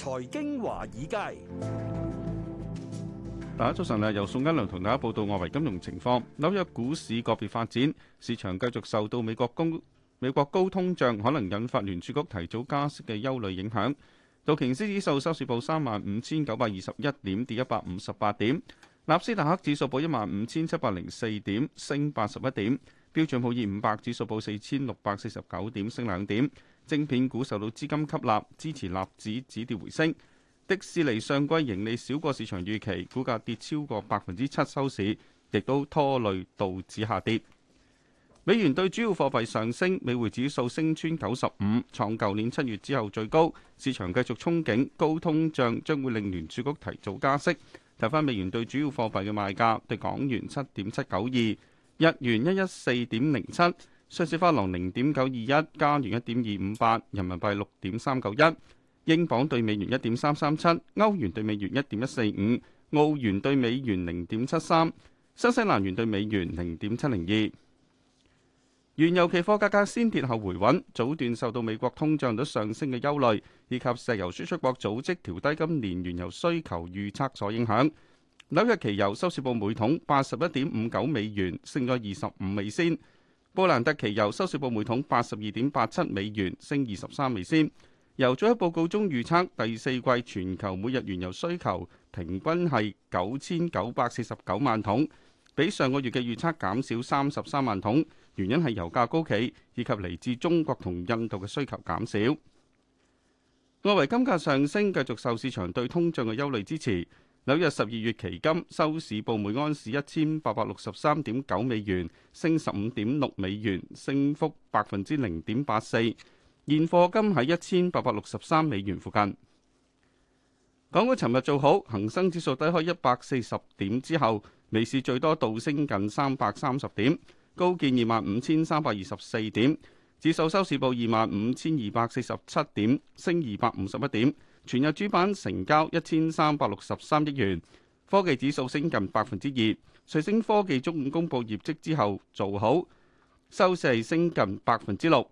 財經華爾街，大家早晨啊！由宋恩良同大家報道外圍金融情況。紐約股市個別發展，市場繼續受到美國高美國高通脹可能引發聯儲局提早加息嘅憂慮影響。道瓊斯指數收市報三萬五千九百二十一點，跌一百五十八點。納斯達克指數報一萬五千七百零四點，升八十一點。標準普爾五百指數報四千六百四十九點，升兩點。晶片股受到資金吸納，支持納指止跌回升。迪士尼上季盈利少過市場預期，股價跌超過百分之七收市，亦都拖累道指下跌。美元對主要貨幣上升，美匯指數升穿九十五，創舊年七月之後最高。市場繼續憧憬高通脹將會令聯儲局提早加息。睇返美元對主要貨幣嘅賣價，對港元七點七九二。日元一一四點零七，瑞士法郎零點九二一，加元一點二五八，人民幣六點三九一，英鎊對美元一點三三七，歐元對美元一點一四五，澳元對美元零點七三，新西蘭元對美元零點七零二。原油期貨價格先跌後回穩，早段受到美國通脹率上升嘅憂慮，以及石油輸出國組織調低今年原油需求預測所影響。紐約期油收市報每桶八十一點五九美元，升咗二十五美仙。布蘭特期油收市報每桶八十二點八七美元，升二十三美仙。由油井報告中預測第四季全球每日原油需求平均係九千九百四十九萬桶，比上個月嘅預測減少三十三萬桶，原因係油價高企以及嚟自中國同印度嘅需求減少。外圍金價上升，繼續受市場對通脹嘅憂慮支持。紐約十二月期金收市報每安士一千八百六十三點九美元，升十五點六美元，升幅百分之零點八四。現貨金喺一千八百六十三美元附近。港股尋日做好，恒生指數低開一百四十點之後，尾市最多倒升近三百三十點，高見二萬五千三百二十四點，指數收市報二萬五千二百四十七點，升二百五十一點。全日主板成交一千三百六十三億元，科技指數升近百分之二。瑞聲科技中午公佈業績之後做好，收市升近百分之六。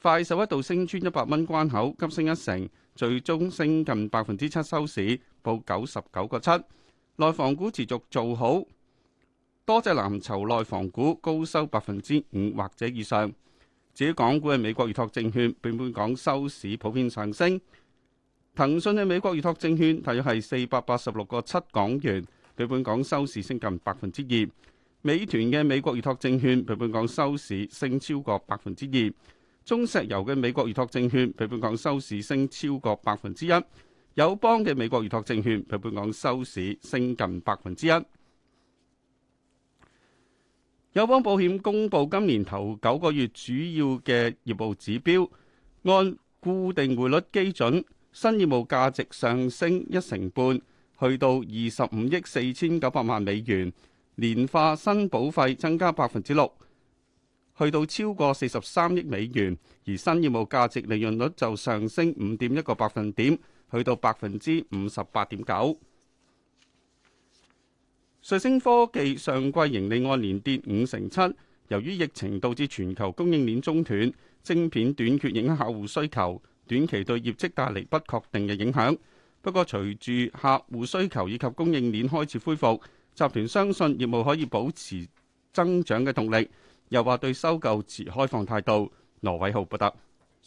快手一度升穿一百蚊關口，急升一成，最終升近百分之七收市，報九十九個七。內房股持續做好，多隻藍籌內房股高收百分之五或者以上。至於港股嘅美國預託證券，並本港收市普遍上升。騰訊嘅美國預託證券大約係四百八十六個七港元，比本港收市升近百分之二。美團嘅美國預託證券比本港收市升超過百分之二。中石油嘅美國預託證券比本港收市升超過百分之一。友邦嘅美國預託證券比本港收市升近百分之一。友邦保險公布今年頭九個月主要嘅業務指標，按固定匯率基準。新業務價值上升一成半，去到二十五億四千九百萬美元，年化新保費增加百分之六，去到超過四十三億美元，而新業務價值利潤率就上升五點一個百分點，去到百分之五十八點九。瑞星科技上季盈利按年跌五成七，由於疫情導致全球供應鏈中斷，晶片短缺影響客戶需求。短期對業績帶嚟不確定嘅影響，不過隨住客戶需求以及供應鏈開始恢復，集團相信業務可以保持增長嘅動力。又話對收購持開放態度。羅偉浩報道。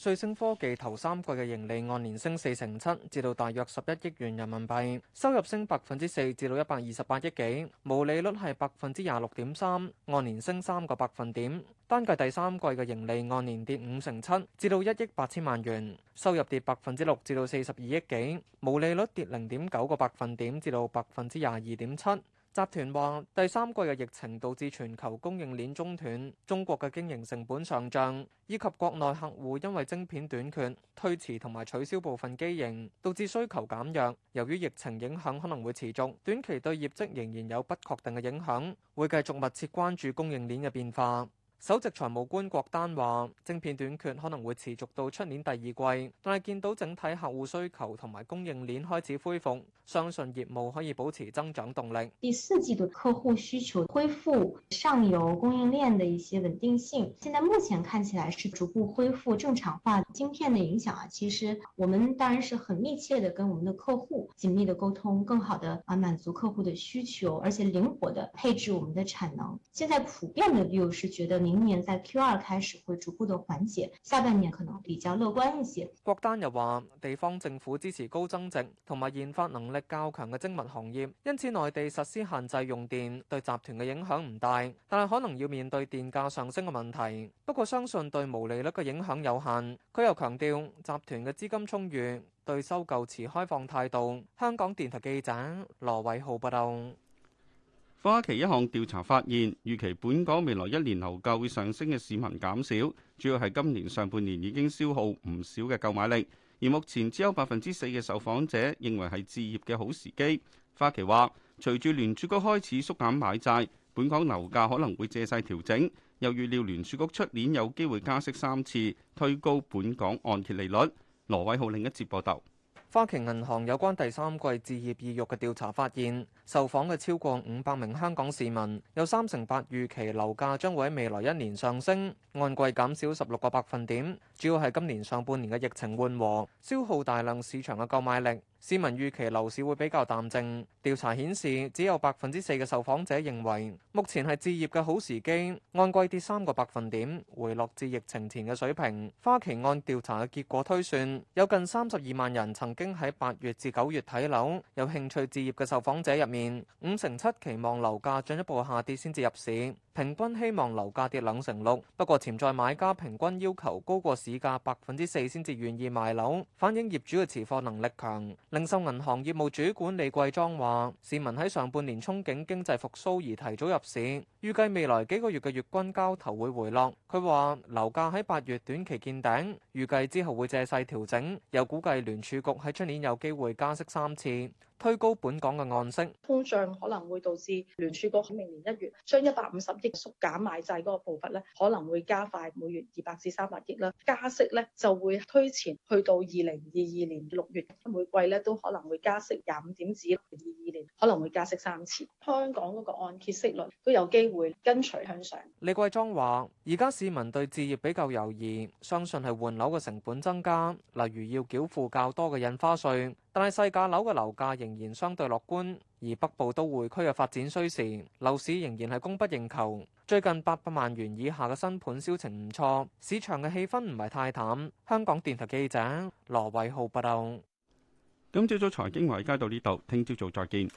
瑞星科技頭三季嘅盈利按年升四成七，至到大約十一億元人民幣，收入升百分之四，至到一百二十八億幾，毛利率係百分之廿六點三，按年升三個百分點。單計第三季嘅盈利按年跌五成七，至到一億八千萬元；收入跌百分之六，至到四十二億幾；毛利率跌零點九個百分點，至到百分之廿二點七。集團話，第三季嘅疫情導致全球供應鏈中斷，中國嘅經營成本上漲，以及國內客戶因為晶片短缺推遲同埋取消部分機型，導致需求減弱。由於疫情影響可能會持續，短期對業績仍然有不確定嘅影響，會繼續密切關注供應鏈嘅變化。首席財務官郭丹話：晶片短缺可能會持續到出年第二季，但係見到整體客戶需求同埋供應鏈開始恢復，相信業務可以保持增長動力。第四季度客戶需求恢復，上游供應鏈的一些穩定性，現在目前看起來是逐步恢復正常化。芯片的影響啊，其實我們當然是很密切的跟我們的客戶緊密的溝通，更好的啊滿足客戶的需求，而且靈活的配置我們的產能。現在普遍的 view 是覺得你。明年在 Q2 開始會逐步的緩解，下半年可能比較樂觀一些。郭丹又話，地方政府支持高增值同埋研發能力較強嘅精密行業，因此內地實施限制用電對集團嘅影響唔大，但係可能要面對電價上升嘅問題。不過相信對毛利率嘅影響有限。佢又強調，集團嘅資金充裕，對收購持開放態度。香港電台記者羅偉浩報道。花旗一項調查發現，預期本港未來一年樓價會上升嘅市民減少，主要係今年上半年已經消耗唔少嘅購買力，而目前只有百分之四嘅受訪者認為係置業嘅好時機。花旗話，隨住聯儲局開始縮減買債，本港樓價可能會借勢調整，又預料聯儲局出年有機會加息三次，推高本港按揭利率。羅偉浩另一節報道。花旗銀行有關第三季置業意欲嘅調查發現，受訪嘅超過五百名香港市民，有三成八預期樓價將會喺未來一年上升，按季減少十六個百分點，主要係今年上半年嘅疫情緩和，消耗大量市場嘅購買力。市民預期樓市會比較淡靜。調查顯示，只有百分之四嘅受訪者認為目前係置業嘅好時機，按季跌三個百分點，回落至疫情前嘅水平。花旗按調查嘅結果推算，有近三十二萬人曾經喺八月至九月睇樓。有興趣置業嘅受訪者入面，五成七期望樓價進一步下跌先至入市，平均希望樓價跌兩成六。不過潛在買家平均要求高過市價百分之四先至願意賣樓，反映業主嘅持貨能力強。零售銀行業務主管李桂莊話，市民喺上半年憧憬經濟復蘇而提早入市，預計未來幾個月嘅月均交投會回落。佢話樓價喺八月短期見頂，預計之後會借勢調整。又估計聯儲局喺出年有機會加息三次。推高本港嘅按息，通脹可能會導致聯儲局喺明年一月將一百五十億縮減買債嗰個步伐咧，可能會加快每月二百至三百億啦。加息咧就會推前去到二零二二年六月，每季咧都可能會加息廿五點子，二二年可能會加息三次。香港嗰個按揭息率都有機會跟隨向上。李桂莊話：而家市民對置業比較猶豫，相信係換樓嘅成本增加，例如要繳付較多嘅印花稅。但係細價樓嘅樓價仍然相對樂觀，而北部都會區嘅發展需時，樓市仍然係供不應求。最近八百萬元以下嘅新盤銷情唔錯，市場嘅氣氛唔係太淡。香港電台記者羅偉浩報道。今朝早財經華爾街到呢度，聽朝早再見。